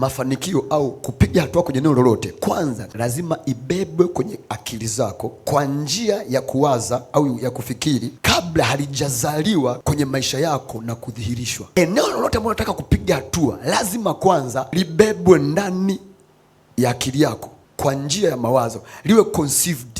Mafanikio au kupiga hatua kwenye eneo lolote, kwanza lazima ibebwe kwenye akili zako kwa njia ya kuwaza au ya kufikiri kabla halijazaliwa kwenye maisha yako na kudhihirishwa. Eneo lolote ambalo unataka kupiga hatua, lazima kwanza libebwe ndani ya akili yako kwa njia ya mawazo, liwe conceived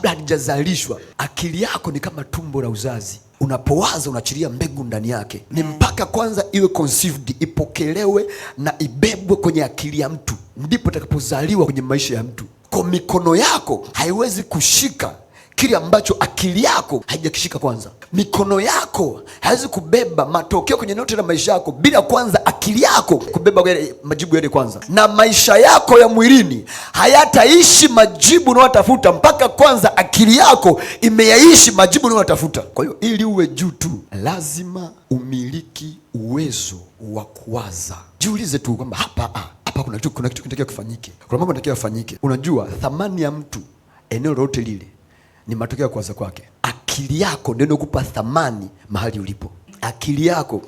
kabla hakijazalishwa, akili yako ni kama tumbo la uzazi. Unapowaza unaachilia mbegu ndani yake, ni mpaka kwanza iwe conceived, ipokelewe na ibebwe kwenye akili ya mtu, ndipo itakapozaliwa kwenye maisha ya mtu. Kwa mikono yako haiwezi kushika kile ambacho akili yako haijakishika kwanza. Mikono yako haiwezi kubeba matokeo kwenye noti na maisha yako bila kwanza akili yako kubeba yale majibu yale kwanza, na maisha yako ya mwilini hayataishi majibu unayotafuta mpaka kwanza akili yako imeyaishi majibu unayotafuta. Kwa hiyo ili uwe juu tu, lazima umiliki uwezo wa kuwaza. Jiulize tu kwamba hapa ha, ah, hapa kuna kitu, kinatakiwa kifanyike, kuna mambo natakiwa yafanyike. Unajua thamani ya mtu eneo lolote lile ni matokeo ya kuwaza kwake. Akili yako ndio inakupa thamani mahali ulipo. Akili yako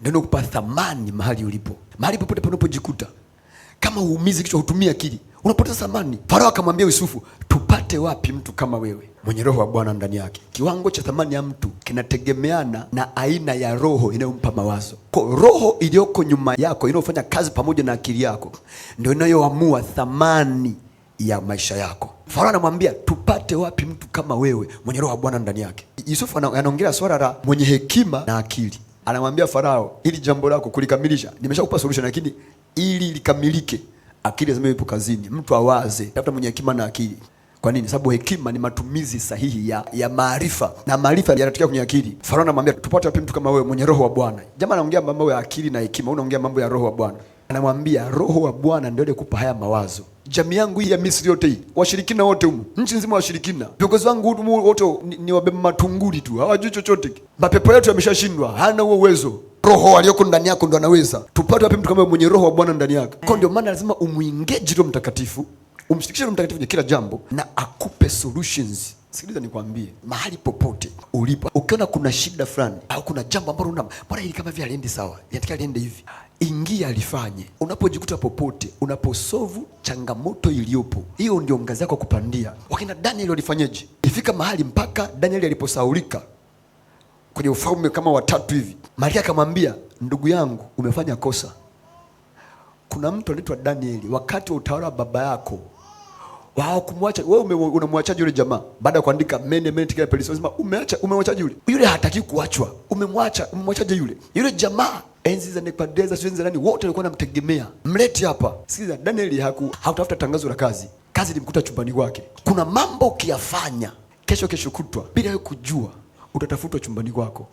ndio inakupa thamani mahali ulipo. Mahali popote panapojikuta, kama uumizi kichwa, hutumia akili, unapoteza thamani. Farao akamwambia Yusufu, tupate wapi mtu kama wewe mwenye roho wa Bwana ndani yake? Kiwango cha thamani ya mtu kinategemeana na aina ya roho inayompa mawazo. Kwa roho iliyoko nyuma yako inayofanya kazi pamoja na akili yako ndio inayoamua thamani ya maisha yako. Farao anamwambia tu Mpate wapi mtu kama wewe mwenye roho ya Bwana ndani yake? Yusufu anaongelea swala la mwenye hekima na akili. Anamwambia Farao, ili jambo lako kulikamilisha, nimeshakupa solution, lakini ili likamilike, akili lazima ipo kazini. Mtu awaze, tafuta mwenye hekima na akili. Kwa nini? Sababu hekima ni matumizi sahihi ya, ya maarifa na maarifa yanatokea kwenye akili. Farao anamwambia tupate wapi mtu kama wewe mwenye roho wa Bwana? Jamaa anaongea mambo ya akili na hekima, unaongea mambo ya roho wa Bwana. Anamwambia roho wa Bwana ndio ile kupa haya mawazo jamii yangu hii ya Misri yote hii, washirikina wote humu, nchi nzima washirikina, viongozi wangu humu wote ni, ni wabeba matunguli tu, hawajui chochote. Mapepo yetu yameshashindwa, hana huo uwezo. Roho aliyoko ndani yako ndo anaweza. Tupate wapi mtu kama mwenye roho wa Bwana ndani yako? Kwa ndio maana lazima umuingeje Roho Mtakatifu, umshirikishe Roho Mtakatifu kwenye kila jambo na akupe solutions. Sikiliza nikwambie, mahali popote ulipo, ukiona kuna shida fulani au kuna jambo ambalo una bora, hili kama vile aliendi sawa, inatakiwa aliende hivi, ingia alifanye. Unapojikuta popote, unaposovu changamoto iliyopo, hiyo ndio ngazi yako kupandia. Wakina Daniel walifanyeje? Ifika mahali mpaka Danieli aliposaulika kwenye ufalme kama watatu hivi, Malkia akamwambia, ndugu yangu, umefanya kosa. Kuna mtu anaitwa Danieli, wakati wa utawala wa baba yako wao kumwacha wewe, unamwachaje yule jamaa? Baada ya kuandika mene mene tika pelisi, unasema umeacha, umemwachaje yule? Yule hataki kuachwa, umemwacha, umemwachaje yule? Yule jamaa enzi za Nebukadneza, sio enzi nani, wote walikuwa wanamtegemea. Mlete hapa. Sikiza, Danieli haku hakutafuta tangazo la kazi, kazi ilimkuta chumbani kwake. Kuna mambo ukiyafanya kesho, kesho kutwa bila kujua, utatafutwa chumbani kwako.